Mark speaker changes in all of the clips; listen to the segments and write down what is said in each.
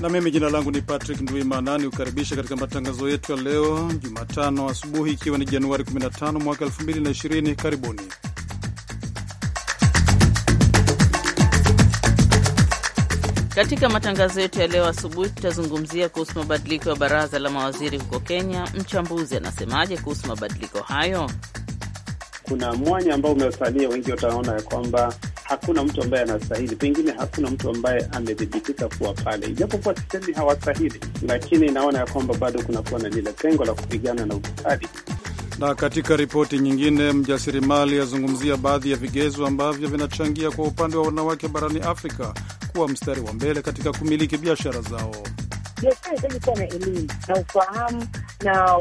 Speaker 1: na mimi jina langu ni Patrick Ndwimana, ni kukaribisha katika matangazo yetu ya leo Jumatano asubuhi, ikiwa ni Januari 15 mwaka 2020. Karibuni
Speaker 2: katika matangazo yetu ya leo asubuhi. Tutazungumzia kuhusu mabadiliko ya baraza la mawaziri huko Kenya. Mchambuzi anasemaje kuhusu mabadiliko hayo? Kuna
Speaker 3: mwanya ambao umesalia, wengi wataona ya kwamba hakuna mtu ambaye anastahili, pengine hakuna mtu ambaye amedhibitika kuwa pale, ijapokuwa sisemi hawastahili, lakini naona ya kwamba bado kunakuwa na lile pengo la kupigana na ufisadi.
Speaker 1: Na katika ripoti nyingine, mjasirimali azungumzia baadhi ya vigezo ambavyo vinachangia kwa upande wa wanawake barani Afrika kuwa mstari wa mbele katika kumiliki biashara zao
Speaker 4: biashara inahitaji kuwa na elimu na ufahamu na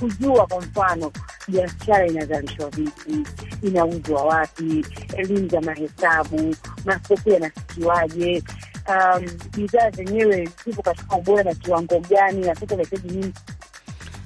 Speaker 4: kujua, kwa mfano, biashara inazalishwa vipi, inauzwa wapi, elimu za mahesabu, masoko yanasikiwaje, um, bidhaa um, zenyewe zipo katika ubora na kiwango gani, na sasa inahitaji nini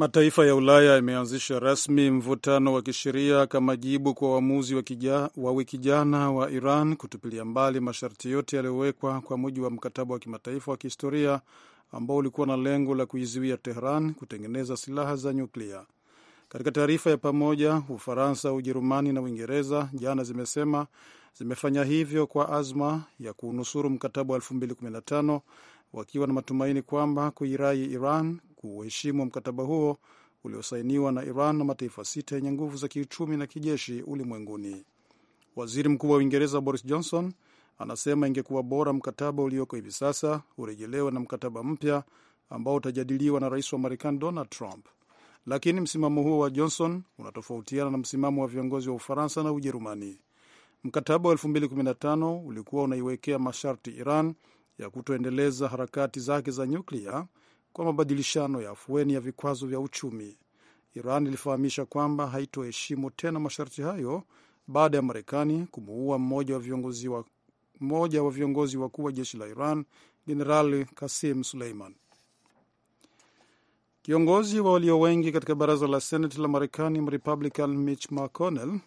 Speaker 1: Mataifa ya Ulaya yameanzisha rasmi mvutano wa kisheria kama jibu kwa uamuzi wa wiki jana wa Iran kutupilia mbali masharti yote yaliyowekwa kwa mujibu wa mkataba wa kimataifa wa kihistoria ambao ulikuwa na lengo la kuizuia Tehran kutengeneza silaha za nyuklia. Katika taarifa ya pamoja, Ufaransa, Ujerumani na Uingereza jana zimesema zimefanya hivyo kwa azma ya kuunusuru mkataba wa 2015 wakiwa na matumaini kwamba kuirai Iran kuheshimu mkataba huo uliosainiwa na Iran na mataifa sita yenye nguvu za kiuchumi na kijeshi ulimwenguni. Waziri Mkuu wa Uingereza Boris Johnson anasema ingekuwa bora mkataba ulioko hivi sasa urejelewe na mkataba mpya ambao utajadiliwa na rais wa Marekani Donald Trump. Lakini msimamo huo wa Johnson unatofautiana na msimamo wa viongozi wa Ufaransa na Ujerumani. Mkataba wa 2015 ulikuwa unaiwekea masharti Iran ya kutoendeleza harakati zake za nyuklia kwa mabadilishano ya afueni ya vikwazo vya uchumi. Iran ilifahamisha kwamba haitoheshimu tena masharti hayo baada ya Marekani kumuua mmoja wa viongozi wa mmoja wa viongozi wakuu wa jeshi la Iran, Jenerali Kasim Suleiman. Kiongozi wa walio wengi katika baraza la seneti la Marekani, Mrepublican Mitch McConnell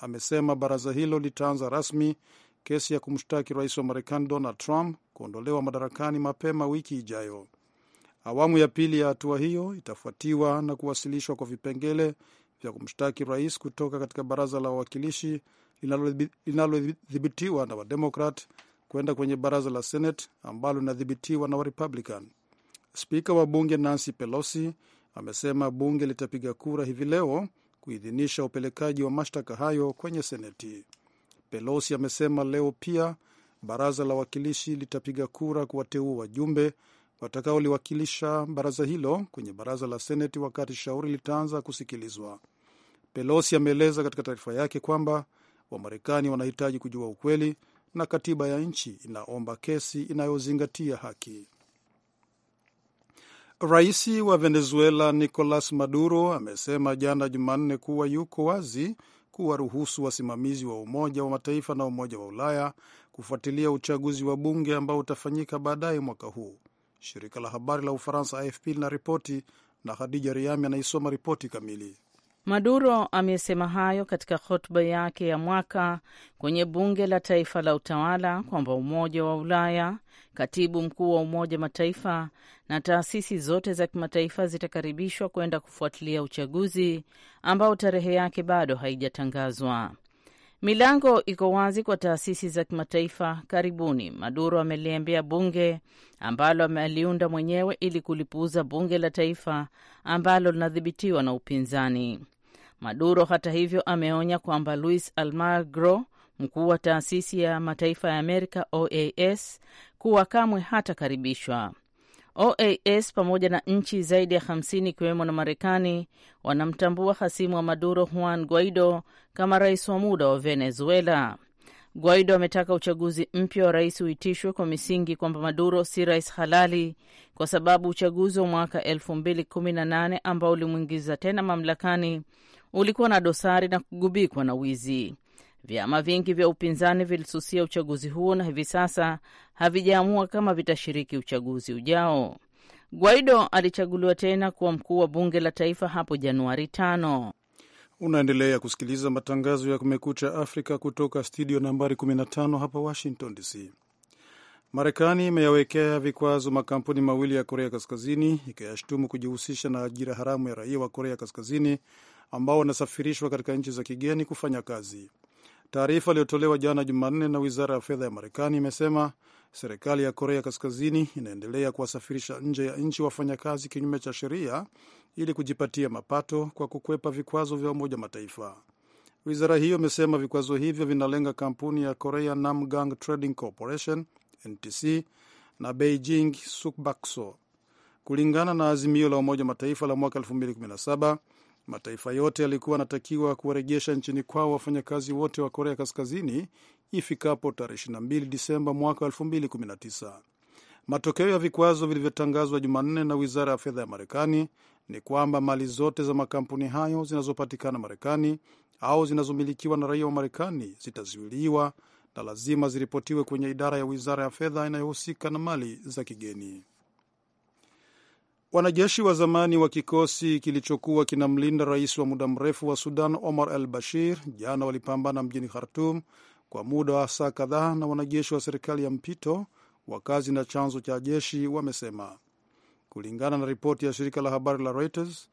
Speaker 1: amesema baraza hilo litaanza rasmi kesi ya kumshtaki rais wa Marekani Donald Trump kuondolewa madarakani mapema wiki ijayo. Awamu ya pili ya hatua hiyo itafuatiwa na kuwasilishwa kwa vipengele vya kumshtaki rais kutoka katika baraza la wawakilishi linalodhibitiwa na Wademokrat kwenda kwenye baraza la Senate ambalo linadhibitiwa na Warepublican. Spika wa bunge Nancy Pelosi amesema bunge litapiga kura hivi leo kuidhinisha upelekaji wa mashtaka hayo kwenye Seneti. Pelosi amesema leo pia baraza la wawakilishi litapiga kura kuwateua wajumbe watakaoliwakilisha baraza hilo kwenye baraza la Seneti wakati shauri litaanza kusikilizwa. Pelosi ameeleza katika taarifa yake kwamba Wamarekani wanahitaji kujua ukweli na katiba ya nchi inaomba kesi inayozingatia haki. Rais wa Venezuela Nicolas Maduro amesema jana Jumanne kuwa yuko wazi kuwaruhusu wasimamizi wa Umoja wa Mataifa na Umoja wa Ulaya kufuatilia uchaguzi wa bunge ambao utafanyika baadaye mwaka huu. Shirika la habari la Ufaransa AFP linaripoti na Khadija Riami anaisoma ripoti kamili.
Speaker 2: Maduro amesema hayo katika hotuba yake ya mwaka kwenye bunge la taifa la utawala kwamba Umoja wa Ulaya, katibu mkuu wa Umoja wa Mataifa na taasisi zote za kimataifa zitakaribishwa kwenda kufuatilia uchaguzi ambao tarehe yake bado haijatangazwa. Milango iko wazi kwa taasisi za kimataifa. Karibuni, Maduro ameliambia bunge ambalo ameliunda mwenyewe ili kulipuuza bunge la taifa ambalo linadhibitiwa na upinzani. Maduro hata hivyo ameonya kwamba Luis Almagro, mkuu wa taasisi ya mataifa ya Amerika, OAS, kuwa kamwe hatakaribishwa. OAS pamoja na nchi zaidi ya 50 ikiwemo na Marekani wanamtambua hasimu wa Maduro Juan Guaido kama rais wa muda wa Venezuela. Guaido ametaka uchaguzi mpya wa rais uitishwe kwa misingi kwamba Maduro si rais halali kwa sababu uchaguzi wa mwaka 2018 ambao ulimwingiza tena mamlakani ulikuwa na dosari na kugubikwa na wizi. Vyama vingi vya upinzani vilisusia uchaguzi huo na hivi sasa havijaamua kama vitashiriki uchaguzi ujao. Guaido alichaguliwa tena kuwa mkuu wa bunge la taifa hapo Januari tano.
Speaker 1: Unaendelea kusikiliza matangazo ya Kumekucha Afrika kutoka studio nambari 15 hapa Washington DC. Marekani imeyawekea vikwazo makampuni mawili ya Korea Kaskazini ikiyashutumu kujihusisha na ajira haramu ya raia wa Korea Kaskazini ambao wanasafirishwa katika nchi za kigeni kufanya kazi. Taarifa iliyotolewa jana Jumanne na wizara ya fedha ya Marekani imesema serikali ya Korea Kaskazini inaendelea kuwasafirisha nje ya nchi wafanyakazi kinyume cha sheria ili kujipatia mapato kwa kukwepa vikwazo vya Umoja Mataifa. Wizara hiyo imesema vikwazo hivyo vinalenga kampuni ya Korea Namgang Trading Corporation NTC na Beijing Sukbakso. Kulingana na azimio la Umoja Mataifa la mwaka mataifa yote yalikuwa yanatakiwa kuwarejesha nchini kwao wafanyakazi wote wa Korea Kaskazini ifikapo tarehe 22 Disemba mwaka 2019. Matokeo ya vikwazo vilivyotangazwa Jumanne na wizara ya fedha ya Marekani ni kwamba mali zote za makampuni hayo zinazopatikana Marekani au zinazomilikiwa na raia wa Marekani zitazuiliwa na lazima ziripotiwe kwenye idara ya wizara ya fedha inayohusika na mali za kigeni. Wanajeshi wa zamani wa kikosi kilichokuwa kinamlinda rais wa muda mrefu wa Sudan Omar al Bashir jana walipambana mjini Khartum kwa muda wa saa kadhaa na wanajeshi wa serikali ya mpito, wakazi na chanzo cha jeshi wamesema, kulingana na ripoti ya shirika la habari la Reuters.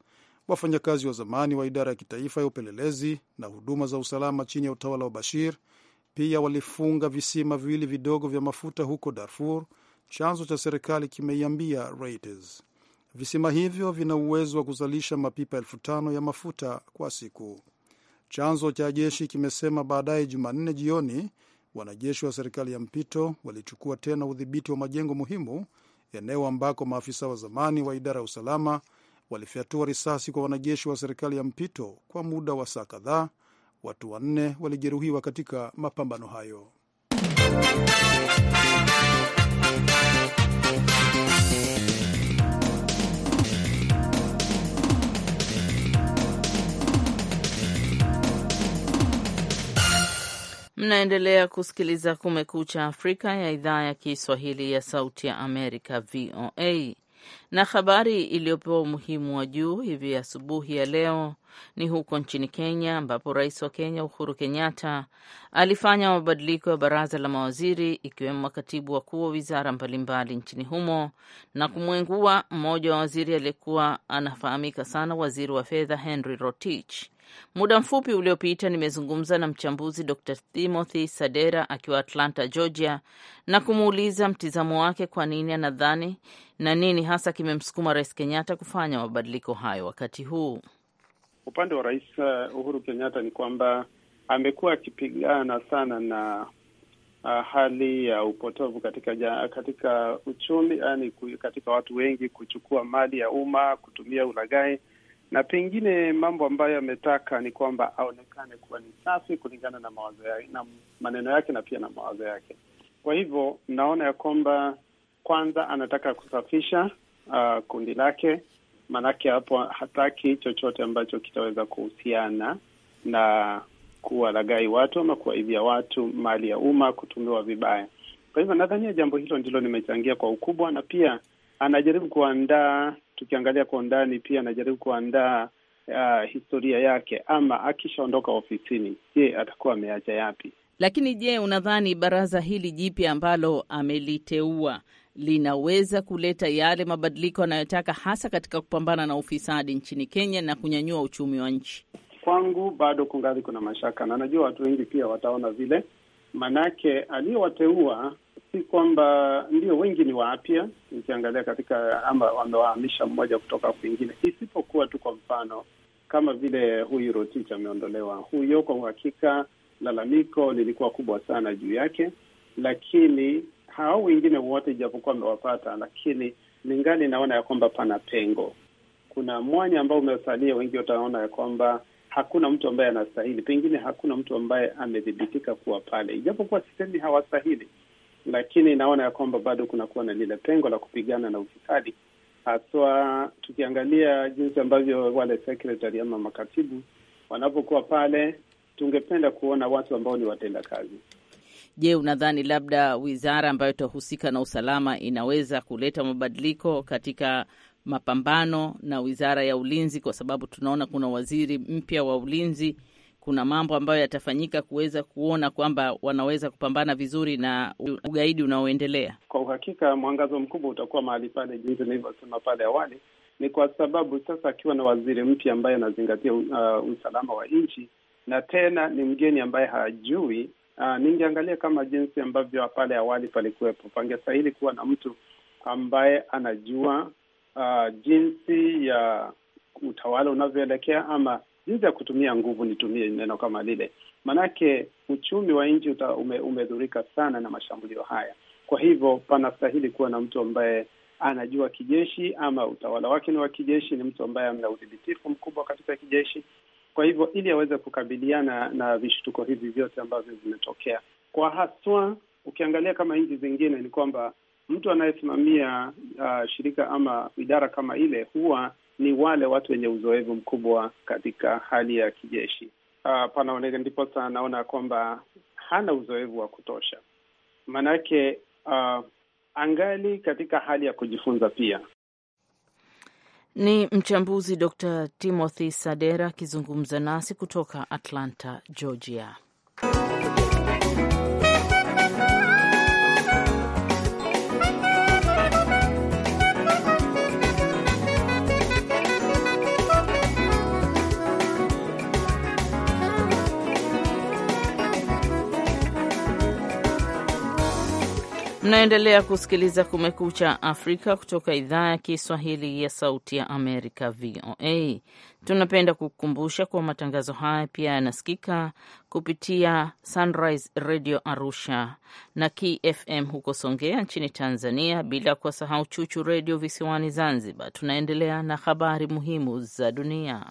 Speaker 1: Wafanyakazi wa zamani wa idara ya kitaifa ya upelelezi na huduma za usalama chini ya utawala wa Bashir pia walifunga visima viwili vidogo vya mafuta huko Darfur, chanzo cha serikali kimeiambia Reuters. Visima hivyo vina uwezo wa kuzalisha mapipa elfu tano ya mafuta kwa siku. Chanzo cha jeshi kimesema baadaye Jumanne jioni wanajeshi wa serikali ya mpito walichukua tena udhibiti wa majengo muhimu, eneo ambako maafisa wa zamani wa idara ya usalama walifyatua risasi kwa wanajeshi wa serikali ya mpito kwa muda wa saa kadhaa. Watu wanne walijeruhiwa katika mapambano hayo.
Speaker 2: Mnaendelea kusikiliza Kumekucha Afrika ya idhaa ya Kiswahili ya Sauti ya Amerika, VOA. Na habari iliyopewa umuhimu wa juu hivi asubuhi ya leo ni huko nchini Kenya, ambapo rais wa Kenya Uhuru Kenyatta alifanya mabadiliko ya baraza la mawaziri, ikiwemo makatibu wakuu wa wizara mbalimbali nchini humo na kumwengua mmoja wa waziri aliyekuwa anafahamika sana, waziri wa fedha Henry Rotich. Muda mfupi uliopita nimezungumza na mchambuzi Dr Timothy Sadera akiwa Atlanta, Georgia, na kumuuliza mtizamo wake kwa nini anadhani na nini hasa kimemsukuma Rais Kenyatta kufanya mabadiliko hayo wakati huu.
Speaker 3: Upande wa Rais uh, Uhuru Kenyatta ni kwamba amekuwa akipigana sana na uh, hali ya uh, upotovu katika ja, katika uchumi, yani, katika watu wengi kuchukua mali ya umma kutumia ulaghai na pengine mambo ambayo ametaka ni kwamba aonekane kuwa ni safi kulingana na mawazo yake na maneno yake na pia na mawazo yake. Kwa hivyo naona ya kwamba kwanza anataka kusafisha uh, kundi lake, maanake hapo hataki chochote ambacho kitaweza kuhusiana na kuwalagai watu ama kuwaibia watu mali ya umma, kutumiwa vibaya. Kwa hivyo nadhania jambo hilo ndilo limechangia kwa ukubwa, na pia anajaribu kuandaa tukiangalia kwa undani pia anajaribu kuandaa uh, historia yake, ama akishaondoka ofisini, je, atakuwa ameacha yapi?
Speaker 2: Lakini je, unadhani baraza hili jipya ambalo ameliteua linaweza kuleta yale mabadiliko anayotaka hasa katika kupambana na ufisadi nchini Kenya na kunyanyua uchumi wa nchi?
Speaker 3: Kwangu bado kungali kuna mashaka, na najua watu wengi pia wataona vile, manake aliyowateua si kwamba ndio wengi ni waapya, ukiangalia katika ama wamewahamisha mmoja kutoka kwingine, isipokuwa tu kwa mfano kama vile huyu Rotich ameondolewa. Huyo kwa uhakika lalamiko lilikuwa kubwa sana juu yake, lakini hao wengine wote ijapokuwa amewapata, lakini ningali naona ya kwamba pana pengo, kuna mwanya ambao umesalia. Wengi wataona ya kwamba hakuna mtu ambaye anastahili, pengine hakuna mtu ambaye amedhibitika kuwa pale, ijapokuwa sisemi hawastahili lakini naona ya kwamba bado kunakuwa na lile pengo la kupigana na ufisadi, haswa tukiangalia jinsi ambavyo wale sekretari ama makatibu wanapokuwa pale, tungependa kuona watu ambao ni watenda kazi.
Speaker 2: Je, unadhani labda wizara ambayo itahusika na usalama inaweza kuleta mabadiliko katika mapambano na wizara ya ulinzi? Kwa sababu tunaona kuna waziri mpya wa ulinzi kuna mambo ambayo yatafanyika kuweza kuona kwamba wanaweza kupambana vizuri na ugaidi unaoendelea?
Speaker 3: Kwa uhakika mwangazo mkubwa utakuwa mahali pale, jinsi nilivyosema pale awali, ni kwa sababu sasa akiwa na waziri mpya ambaye anazingatia uh, usalama wa nchi na tena ni mgeni ambaye hajui uh, ningeangalia kama jinsi ambavyo pale awali palikuwepo, pangestahili kuwa na mtu ambaye anajua uh, jinsi ya utawala unavyoelekea ama jinsi ya kutumia nguvu, nitumie neno kama lile, maanake uchumi wa nchi ume, umedhurika sana na mashambulio haya. Kwa hivyo panastahili kuwa na mtu ambaye anajua kijeshi, ama utawala wake ni wa kijeshi, ni mtu ambaye ana udhibitifu mkubwa katika kijeshi. Kwa hivyo ili aweze kukabiliana na vishtuko hivi vyote ambavyo vimetokea, kwa haswa ukiangalia kama nchi zingine, ni kwamba mtu anayesimamia uh, shirika ama idara kama ile huwa ni wale watu wenye uzoefu mkubwa katika hali ya kijeshi. Uh, ah, panaonekana sana naona kwamba hana uzoefu wa kutosha, maanake uh, ah, angali katika hali ya kujifunza pia.
Speaker 2: Ni mchambuzi Dr. Timothy Sadera akizungumza nasi kutoka Atlanta, Georgia. Mnaendelea kusikiliza Kumekucha Afrika kutoka idhaa ya Kiswahili ya Sauti ya Amerika, VOA. Tunapenda kukukumbusha kuwa matangazo haya pia yanasikika kupitia Sunrise Radio Arusha na KFM huko Songea nchini Tanzania, bila sahau Chuchu Redio visiwani Zanzibar. Tunaendelea na habari muhimu za dunia.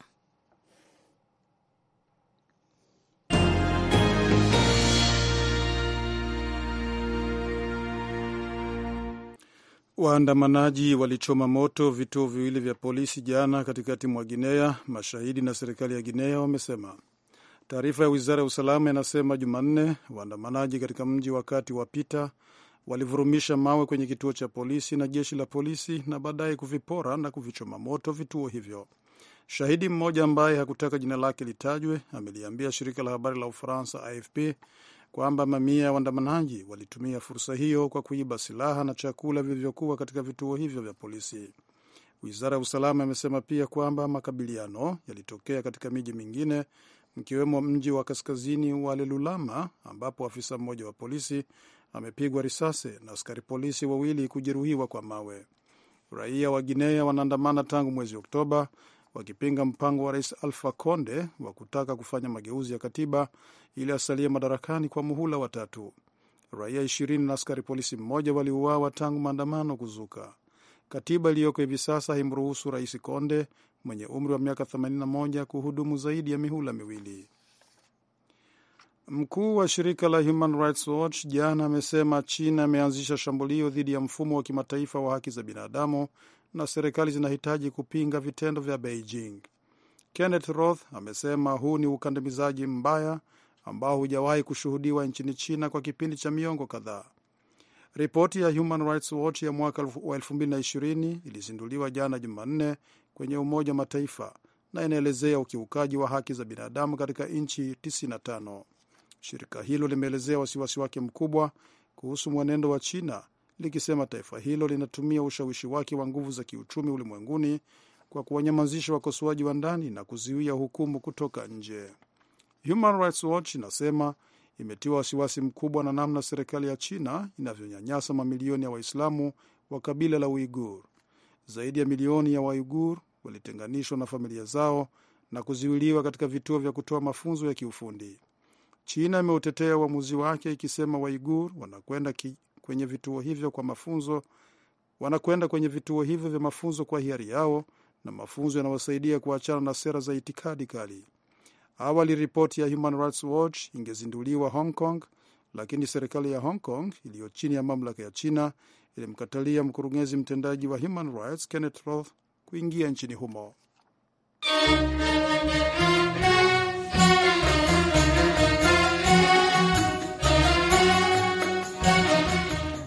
Speaker 1: Waandamanaji walichoma moto vituo viwili vya polisi jana katikati mwa Guinea, mashahidi na serikali ya Guinea wamesema. Taarifa ya wizara ya usalama inasema Jumanne waandamanaji katika mji wa kati wa Pita walivurumisha mawe kwenye kituo cha polisi na jeshi la polisi na baadaye kuvipora na kuvichoma moto vituo hivyo. Shahidi mmoja ambaye hakutaka jina lake litajwe ameliambia shirika la habari la Ufaransa AFP kwamba mamia ya waandamanaji walitumia fursa hiyo kwa kuiba silaha na chakula vilivyokuwa katika vituo hivyo vya polisi. Wizara ya usalama imesema pia kwamba makabiliano yalitokea katika miji mingine mkiwemo mji wa kaskazini wa Lelulama ambapo afisa mmoja wa polisi amepigwa risasi na askari polisi wawili kujeruhiwa kwa mawe. Raia wa Guinea wanaandamana tangu mwezi Oktoba wakipinga mpango wa rais Alfa Conde wa kutaka kufanya mageuzi ya katiba ili asalie madarakani kwa muhula watatu. Raia ishirini na askari polisi mmoja waliuawa tangu maandamano kuzuka. Katiba iliyoko hivi sasa haimruhusu rais conde mwenye umri wa miaka 81 kuhudumu zaidi ya mihula miwili. Mkuu wa shirika la Human Rights Watch jana amesema China imeanzisha shambulio dhidi ya mfumo wa kimataifa wa haki za binadamu na serikali zinahitaji kupinga vitendo vya Beijing. Kenneth Roth amesema huu ni ukandamizaji mbaya ambao hujawahi kushuhudiwa nchini China kwa kipindi cha miongo kadhaa. Ripoti ya Human Rights Watch ya mwaka wa 2020 ilizinduliwa jana Jumanne kwenye Umoja wa Mataifa na inaelezea ukiukaji wa haki za binadamu katika nchi 95. Shirika hilo limeelezea wasiwasi wake mkubwa kuhusu mwenendo wa China likisema taifa hilo linatumia ushawishi wake wa nguvu za kiuchumi ulimwenguni kwa kuwanyamazisha wakosoaji wa ndani na kuzuia hukumu kutoka nje. Human Rights Watch inasema imetiwa wasiwasi mkubwa na namna serikali ya China inavyonyanyasa mamilioni ya Waislamu wa kabila la Uigur. Zaidi ya milioni ya Waigur walitenganishwa na familia zao na kuzuiliwa katika vituo vya kutoa mafunzo ya kiufundi. China imeutetea uamuzi wake ikisema Waigur wanakwenda kwenye vituo hivyo kwa mafunzo wanakwenda kwenye vituo hivyo vya mafunzo kwa hiari yao na mafunzo yanawasaidia kuachana na sera za itikadi kali. Awali ripoti ya Human Rights Watch ingezinduliwa Hong Kong, lakini serikali ya Hong Kong iliyo chini ya mamlaka ya China ilimkatalia mkurugenzi mtendaji wa Human Rights Kenneth Roth kuingia nchini humo.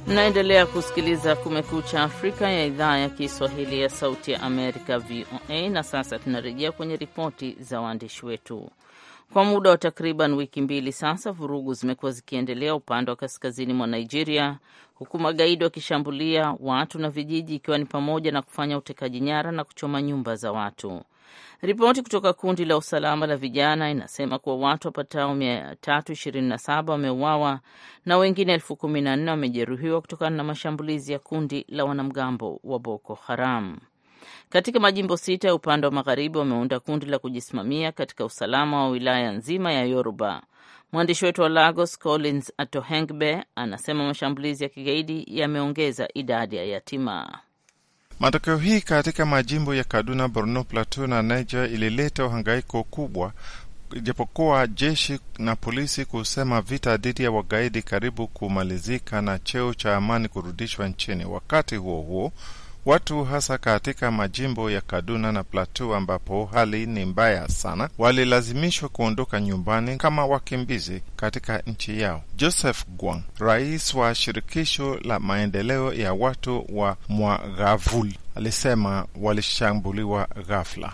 Speaker 2: Mnaendelea kusikiliza Kumekucha Afrika ya idhaa ya Kiswahili ya Sauti ya Amerika, VOA. Na sasa tunarejea kwenye ripoti za waandishi wetu. Kwa muda wa takriban wiki mbili sasa, vurugu zimekuwa zikiendelea upande wa kaskazini mwa Nigeria, huku magaidi wakishambulia watu na vijiji, ikiwa ni pamoja na kufanya utekaji nyara na kuchoma nyumba za watu. Ripoti kutoka kundi la usalama la vijana inasema kuwa watu wapatao 327 wameuawa na wengine 14 wamejeruhiwa kutokana na mashambulizi ya kundi la wanamgambo wa Boko Haram. Katika majimbo sita ya upande wa magharibi wameunda kundi la kujisimamia katika usalama wa wilaya nzima ya Yoruba. Mwandishi wetu wa Lagos, Collins Atohengbe, anasema mashambulizi ya kigaidi yameongeza idadi ya yatima.
Speaker 5: Matokeo hii katika majimbo ya Kaduna, Borno, Plateau na Niger ilileta uhangaiko kubwa, ijapokuwa jeshi na polisi kusema vita dhidi ya wagaidi karibu kumalizika na cheo cha amani kurudishwa nchini. Wakati huo huo Watu hasa katika majimbo ya Kaduna na Plateau ambapo hali ni mbaya sana, walilazimishwa kuondoka nyumbani kama wakimbizi katika nchi yao. Joseph Gwang, rais wa shirikisho la maendeleo ya watu wa Mwaghavul, alisema walishambuliwa ghafla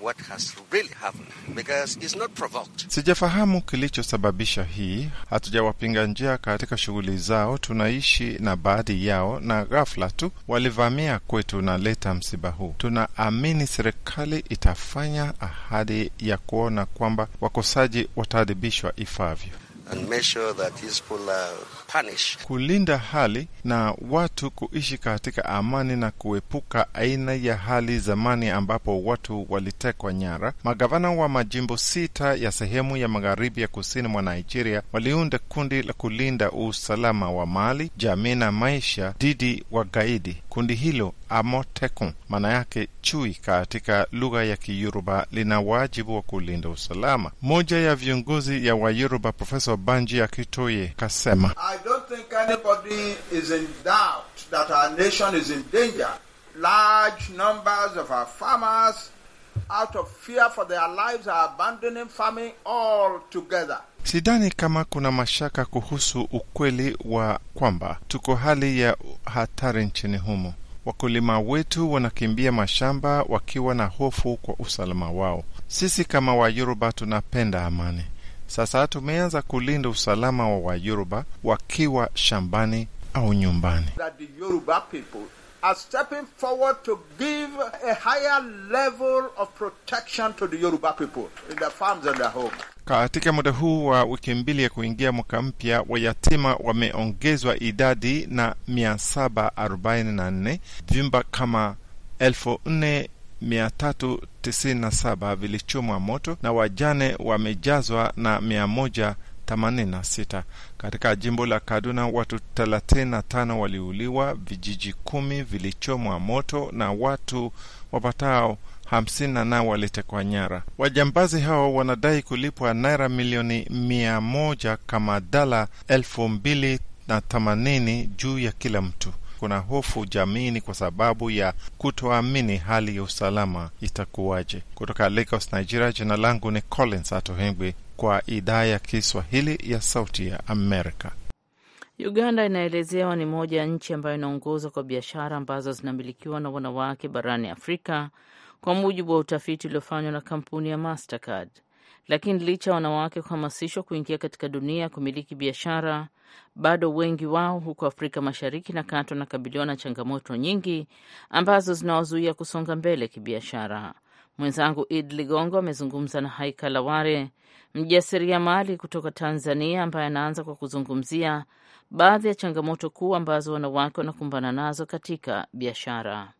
Speaker 6: what has really happened because it's not provoked.
Speaker 5: Sijafahamu kilichosababisha hii. Hatujawapinga njia katika shughuli zao, tunaishi na baadhi yao, na ghafla tu walivamia kwetu na leta msiba huu. Tunaamini serikali itafanya ahadi ya kuona kwamba wakosaji wataadhibishwa ifavyo
Speaker 3: and that
Speaker 5: Kulinda hali na watu kuishi katika amani na kuepuka aina ya hali zamani ambapo watu walitekwa nyara. Magavana wa majimbo sita ya sehemu ya magharibi ya kusini mwa Nigeria waliunda kundi la kulinda usalama wa mali, jamii na maisha dhidi wa gaidi. Kundi hilo Amotekun, maana yake chui katika lugha ya Kiyoruba, lina wajibu wa kulinda usalama. Moja ya viongozi ya Wayoruba, Profesa Banji Akitoye, kasema
Speaker 3: Out of fear for their lives are abandoning farming altogether.
Speaker 5: Sidhani kama kuna mashaka kuhusu ukweli wa kwamba tuko hali ya hatari nchini humo. Wakulima wetu wanakimbia mashamba wakiwa na hofu kwa usalama wao. Sisi kama Wayoruba tunapenda amani. Sasa tumeanza kulinda usalama wa Wayoruba wakiwa shambani au nyumbani. Katika muda huu wa wiki mbili ya kuingia mwaka mpya, wayatima wameongezwa idadi na 744. Vyumba kama 4397 vilichomwa moto na wajane wamejazwa na 186. Katika jimbo la Kaduna watu 35 waliuliwa, vijiji kumi vilichomwa moto na watu wapatao 58 walitekwa nyara. Wajambazi hao wanadai kulipwa naira milioni mia kama dala elfu juu ya kila mtu. Kuna hofu jamiini kwa sababu ya kutoamini hali ya usalama itakuwaje. Kutoka Lagos, Nigeria, jina langu ni Collins Atohengwi kwa idhaa ya Kiswahili ya Sauti ya Amerika.
Speaker 2: Uganda inaelezewa ni moja ya nchi ambayo inaongoza kwa biashara ambazo zinamilikiwa na wanawake barani Afrika, kwa mujibu wa utafiti uliofanywa na kampuni ya Mastercard. Lakini licha ya wanawake kuhamasishwa kuingia katika dunia ya kumiliki biashara, bado wengi wao huko Afrika Mashariki na Kati wanakabiliwa na changamoto nyingi ambazo zinawazuia kusonga mbele kibiashara. Mwenzangu Id Ligongo amezungumza na Haika Laware, mjasiriamali kutoka Tanzania, ambaye anaanza kwa kuzungumzia baadhi ya changamoto kuu ambazo wanawake wanakumbana nazo katika biashara.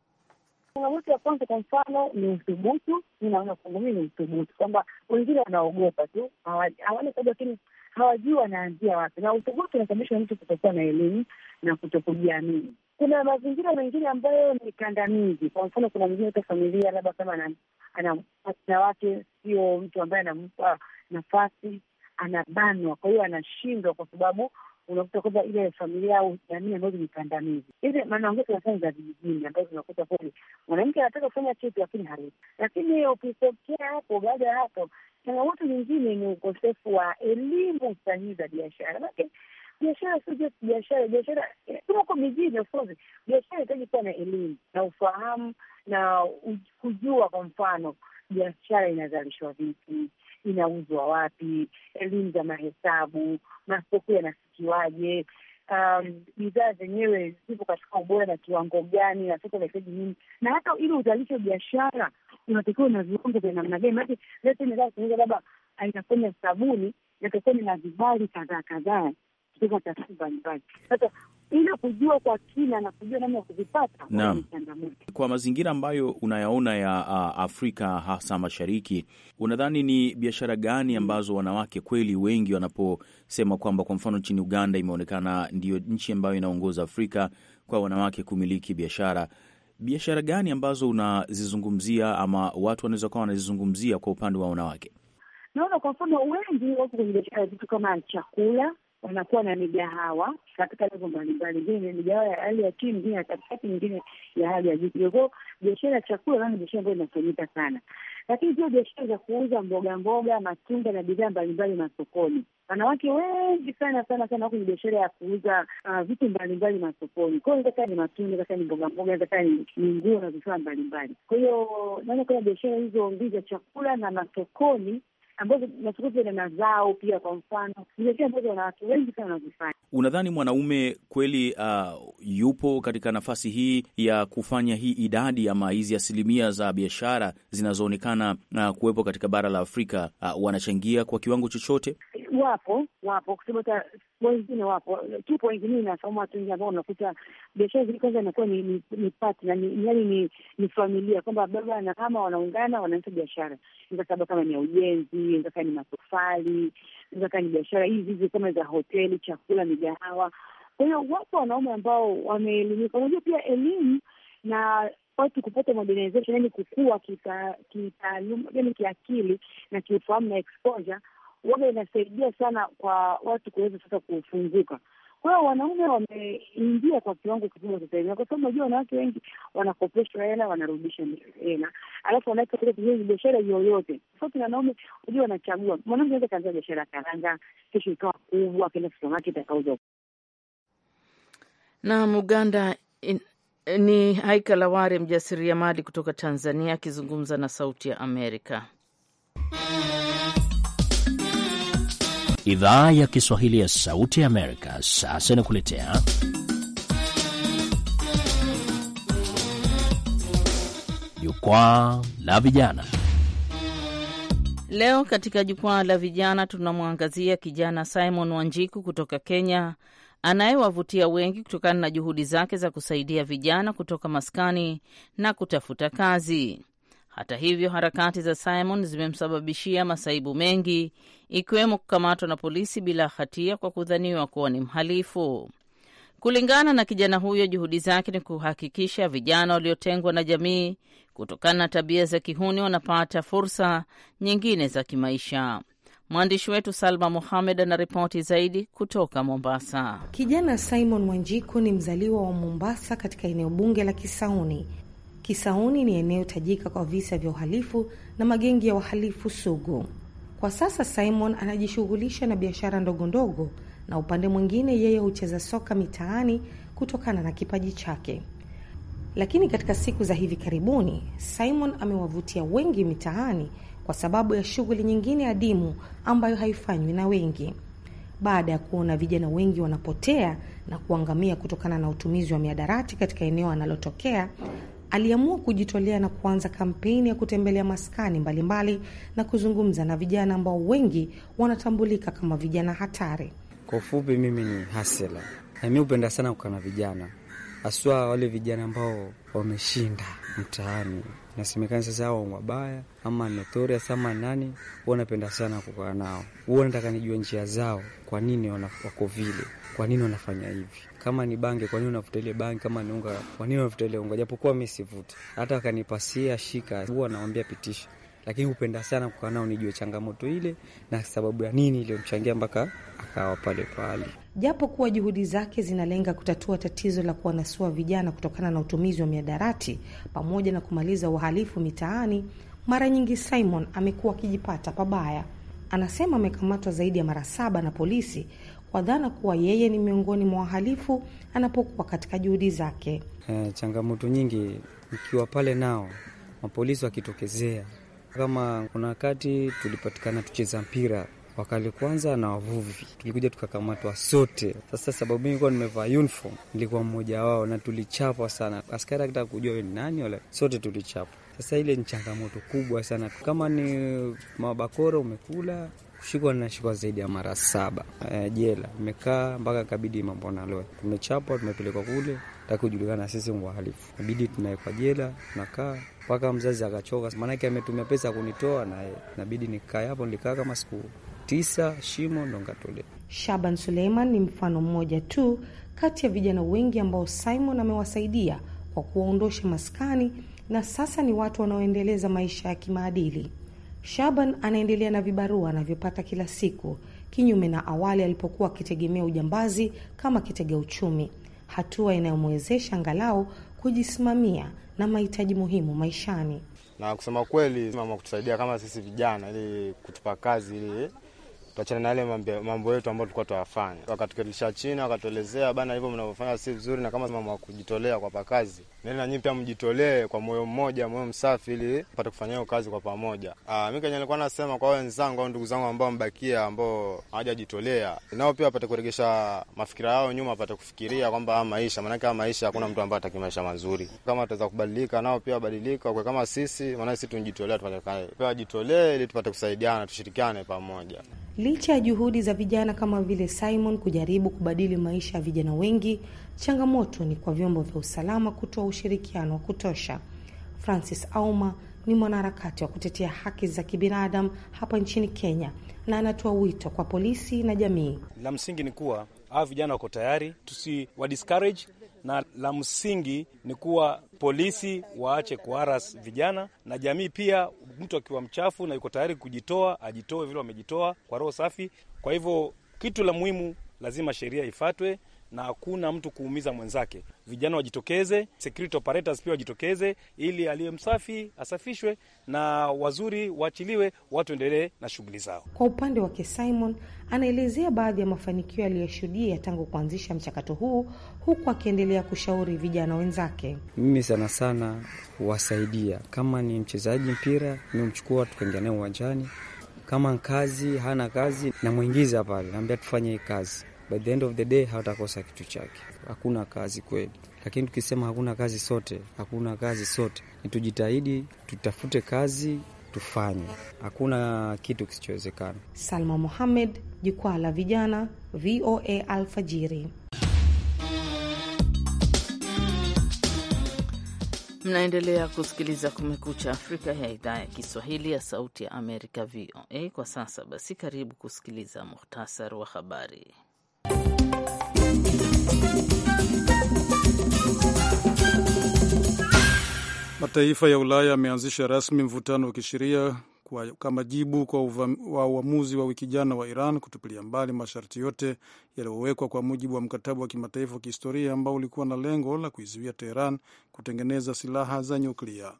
Speaker 4: Changamoto ya kwanza, kwa mfano, ni uthubutu. Mi naona kwangu mii ni uthubutu, kwamba wengine wanaogopa tu, hawana sababu, lakini hawajui wanaanzia wapi, na uthubutu unasababisha mtu kutokuwa na elimu na kutokujiamini. Kuna mazingira mengine ambayo ni kandamizi. Kwa mfano, kuna mingine ta familia, labda kama ana wake sio mtu ambaye anampa nafasi, anabanwa, kwa hiyo anashindwa kwa sababu unakuta kwamba ile familia au jamii ambazo ni kandamizi. Hizi maanaongezi nafanya za vijijini ambazo unakuta kweli mwanamke anataka kufanya kitu lakini hawezi. Lakini ukitokea hapo, baada ya hapo, changamoto nyingine ni ukosefu wa elimu sahihi za biashara manake biashara sio just biashara. Biashara tuko eh, mijini, of course, biashara inahitaji kuwa na elimu na ufahamu na kujua, kwa mfano biashara inazalishwa vipi, inauzwa wapi, elimu za mahesabu, masoko yanasikiwaje, um, bidhaa um, zenyewe zipo katika ubora na kiwango gani, na soko nahitaji nini, na hata ili uzalishe biashara unatakiwa na viwango vya namna gani. Maanake lete kuuza labda inafanya sabuni, natakiwa nina vibali kadhaa kadhaa kutoka taasisi mbalimbali. Sasa ila kujua kwa kina na kujua namna ya kuvipata na,
Speaker 3: Kwa mazingira ambayo unayaona ya uh, Afrika hasa mashariki, unadhani ni biashara gani mm. ambazo wanawake kweli wengi wanaposema kwamba kwa mfano nchini Uganda imeonekana ndiyo nchi ambayo inaongoza Afrika kwa wanawake kumiliki biashara biashara gani ambazo unazizungumzia ama watu wanaweza kuwa wanazizungumzia kwa upande wa wanawake?
Speaker 4: Naona kwa mfano wengi wako kwenye biashara ya vitu kama chakula, wanakuwa na migahawa katika levo mbalimbali, ingine ni migahawa ya hali ya chini, ingine ya katikati, ingine ya hali ya juu kidogo. Biashara ya chakula nani biashara ambayo inafanyika sana, lakini pia biashara za kuuza mboga mboga, matunda na bidhaa mbalimbali masokoni. Wanawake wengi sana sana sana wako ni biashara ya kuuza uh, vitu mbalimbali masokoni kwao, inawezakaa ni matunda, inawezakaa ni mboga mboga, inawezakaa ni nguo na vifaa mbalimbali. Kwa hiyo naona kama biashara hizo mbili za chakula na masokoni ambazo zinachukuzwa na mazao pia. Kwa mfano ni kazi ambazo wanawake wengi sana wanazifanya.
Speaker 3: Unadhani mwanaume kweli uh, yupo katika nafasi hii ya kufanya hii idadi ama hizi asilimia za biashara zinazoonekana uh, kuwepo katika bara la Afrika uh, wanachangia kwa kiwango chochote?
Speaker 4: Wapo, wapo kusema wengine wapo tupo, wengine nafahamu watu wengi ambao unakuta biashara zile kwanza inakuwa ni ni, ni ni ni, ni familia kwamba baba na mama wanaungana wanaanza biashara, inaweza kama ni ya ujenzi, inaweza ni matofali, inaweza ni biashara hizi hizi kama za hoteli, chakula, migahawa. Kwa hiyo wapo wanaume ambao wameelimika. Unajua pia elimu na watu kupata modernization, yani kukua kitaaluma, yani kiakili na kiufahamu na exposure waga inasaidia sana kwa watu kuweza sasa kufunguka. Kwa hiyo wanaume wameingia kwa kiwango kikubwa sasa hivi, kwa sababu najua wanawake wengi wanakopeshwa hela wanarudisha hela, alafu wanaweka ile kwenye biashara yoyote. Tofauti na wanaume, unajua wanachagua. Mwanaume anaweza kaanza biashara ya karanga, kesho ikawa kubwa, akaenda supermarket akauza.
Speaker 2: Naam, Uganda in, ni Haika Laware mjasiriamali kutoka Tanzania akizungumza na Sauti ya Amerika.
Speaker 3: Idhaa ya Kiswahili ya Sauti ya Amerika sasa inakuletea Jukwaa la Vijana.
Speaker 2: Leo katika Jukwaa la Vijana tunamwangazia kijana Simon Wanjiku kutoka Kenya anayewavutia wengi kutokana na juhudi zake za kusaidia vijana kutoka maskani na kutafuta kazi. Hata hivyo, harakati za Simon zimemsababishia masaibu mengi, ikiwemo kukamatwa na polisi bila hatia kwa kudhaniwa kuwa ni mhalifu. Kulingana na kijana huyo, juhudi zake ni kuhakikisha vijana waliotengwa na jamii kutokana na tabia za kihuni wanapata fursa nyingine za kimaisha. Mwandishi wetu Salma Mohamed anaripoti zaidi kutoka Mombasa.
Speaker 6: Kijana Simon Wanjiku ni mzaliwa wa Mombasa katika eneo bunge la Kisauni Kisauni ni eneo tajika kwa visa vya uhalifu na magengi ya wahalifu sugu. Kwa sasa Simon anajishughulisha na biashara ndogo ndogo, na upande mwingine yeye hucheza soka mitaani kutokana na kipaji chake. Lakini katika siku za hivi karibuni, Simon amewavutia wengi mitaani kwa sababu ya shughuli nyingine adimu ambayo haifanywi na wengi. Baada ya kuona vijana wengi wanapotea na kuangamia kutokana na utumizi wa miadarati katika eneo analotokea, aliamua kujitolea na kuanza kampeni ya kutembelea maskani mbalimbali mbali na kuzungumza na vijana ambao wengi wanatambulika kama vijana hatari.
Speaker 7: Kwa ufupi, mimi ni Hasela na mi hupenda sana kukaa na vijana, haswa wale vijana ambao wameshinda mtaani. Nasemekana sasa hao wabaya ama notorious ama nani, huwa napenda sana kukaa nao, huwa nataka nijua njia zao, kwa nini wako vile, kwa nini wanafanya hivi kama ni bange, kwa nini unavuta ile bange? Kama ni unga, kwa nini unavuta ile unga? Japokuwa mimi sivuti, hata akanipasia shika, huwa naambia pitisha, lakini hupenda sana kukaa nao nijue changamoto ile na sababu ya nini iliyomchangia mpaka akawa pale
Speaker 6: pale. Japo kuwa juhudi zake zinalenga kutatua tatizo la kuwanasua vijana kutokana na utumizi wa miadarati pamoja na kumaliza uhalifu mitaani, mara nyingi Simon amekuwa akijipata pabaya. Anasema amekamatwa zaidi ya mara saba na polisi kwa dhana kuwa yeye ni miongoni mwa wahalifu anapokuwa katika juhudi zake. E,
Speaker 7: changamoto nyingi ukiwa pale nao mapolisi wakitokezea, kama kuna wakati tulipatikana tucheza mpira wakali kwanza na wavuvi, tulikuja tukakamatwa sote. Sasa sababu mimi nilikuwa nimevaa uniform, nilikuwa mmoja wao na tulichapwa sana, askari akitaka kujua we ni nani, wala sote tulichapwa. Sasa ile ni changamoto kubwa sana, kama ni mabakora umekula kushikwa shikwa zaidi ya mara saba e, jela imekaa mpaka kabidi mambo naloe, tumechapwa tumepelekwa kule takujulikana sisi wahalifu, inabidi tunawekwa jela, tunakaa mpaka mzazi akachoka, maanake ametumia pesa kunitoa naye, inabidi nikae hapo. Nilikaa kama siku tisa, shimo ndo nikatolewa.
Speaker 6: Shaban Suleiman ni mfano mmoja tu kati ya vijana wengi ambao Simon amewasaidia kwa kuwaondosha maskani na sasa ni watu wanaoendeleza maisha ya kimaadili. Shaban anaendelea na vibarua anavyopata kila siku, kinyume na awali alipokuwa akitegemea ujambazi kama kitega uchumi, hatua inayomwezesha angalau kujisimamia na mahitaji muhimu maishani.
Speaker 3: Na kusema kweli, mama kutusaidia kama sisi vijana, ili kutupa kazi ili tuachane na yale mambo yetu ambayo tulikuwa tuwafanya. Wakatuketisha chini, wakatuelezea bana, hivyo mnavyofanya si vizuri, na kama mama kujitolea kwa pakazi nani na nyinyi pia mjitolee kwa moyo mmoja, moyo msafi, ili pate kufanya hiyo kazi kwa pamoja. Ah, mimi kenye nilikuwa nasema kwa wenzangu au ndugu zangu ambao mbakia, ambao hawajajitolea nao pia wapate kuregesha mafikira yao nyuma, wapate kufikiria kwamba haya maisha, maanake haya maisha, hakuna mtu ambaye ataki maisha mazuri. Kama tutaweza kubadilika, nao pia wabadilika kwa kama sisi, maanake sisi tunjitolea, tupate pia wajitolee, ili tupate kusaidiana, tushirikiane pamoja.
Speaker 6: Licha ya juhudi za vijana kama vile Simon kujaribu kubadili maisha ya vijana wengi, changamoto ni kwa vyombo vya usalama kutoa ushirikiano wa kutosha. Francis Auma ni mwanaharakati wa kutetea haki za kibinadamu hapa nchini Kenya na anatoa wito kwa polisi na jamii. La msingi
Speaker 3: ni kuwa hawa vijana wako tayari, tusiwa discourage, na la msingi ni kuwa polisi waache kuharas vijana na jamii pia mtu akiwa mchafu na yuko tayari kujitoa ajitoe vile wamejitoa kwa roho safi. Kwa hivyo kitu la muhimu lazima sheria ifatwe na hakuna mtu kuumiza mwenzake. Vijana wajitokeze, security operators pia wajitokeze, ili aliye msafi asafishwe na wazuri waachiliwe, watu endelee na shughuli zao.
Speaker 6: Kwa upande wake, Simon anaelezea baadhi ya mafanikio aliyoshuhudia tangu kuanzisha mchakato huu, huku akiendelea kushauri vijana wenzake.
Speaker 7: Mimi sana sana huwasaidia, kama ni mchezaji mpira nimemchukua, tukaingia naye uwanjani. Kama kazi hana kazi, namwingiza pale, naambia tufanye hii kazi by the end of the day hawatakosa kitu chake. Hakuna kazi kweli, lakini tukisema hakuna kazi sote, hakuna kazi sote, ni tujitahidi, tutafute kazi tufanye, hakuna kitu kisichowezekana.
Speaker 6: Salma Mohamed, Jukwaa la Vijana, VOA Alfajiri.
Speaker 2: Mnaendelea kusikiliza Kumekucha Afrika ya idhaa ya Kiswahili ya Sauti ya Amerika, VOA. Kwa sasa basi, karibu kusikiliza muhtasari wa habari.
Speaker 1: Mataifa ya Ulaya yameanzisha rasmi mvutano wa kisheria kama jibu kwa uamuzi wa wiki jana wa Iran kutupilia mbali masharti yote yaliyowekwa kwa mujibu wa mkataba wa kimataifa wa kihistoria ambao ulikuwa na lengo la kuizuia Teheran kutengeneza silaha za nyuklia.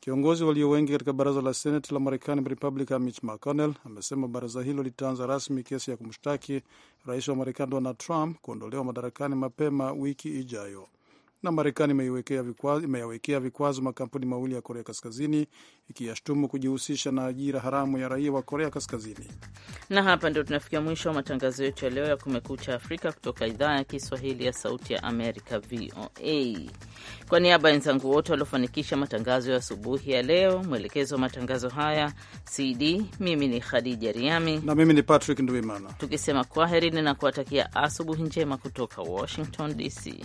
Speaker 1: Kiongozi walio wengi katika baraza la seneti la Marekani, Republican Mitch McConnell amesema baraza hilo litaanza rasmi kesi ya kumshtaki rais wa Marekani Donald Trump kuondolewa madarakani mapema wiki ijayo na Marekani imeyawekea vikwazo makampuni mawili ya Korea Kaskazini ikiyashtumu kujihusisha na ajira haramu ya raia wa Korea Kaskazini.
Speaker 2: Na hapa ndio tunafikia mwisho wa matangazo yetu ya leo ya Kumekucha Afrika kutoka idhaa ya Kiswahili ya Sauti ya Amerika, VOA. Kwa niaba ya wenzangu wote waliofanikisha matangazo ya asubuhi ya leo, mwelekezo wa matangazo haya CD, mimi ni Khadija Riami na mimi ni Patrick Nduimana, tukisema kwaherini na kuwatakia asubuhi njema kutoka Washington DC.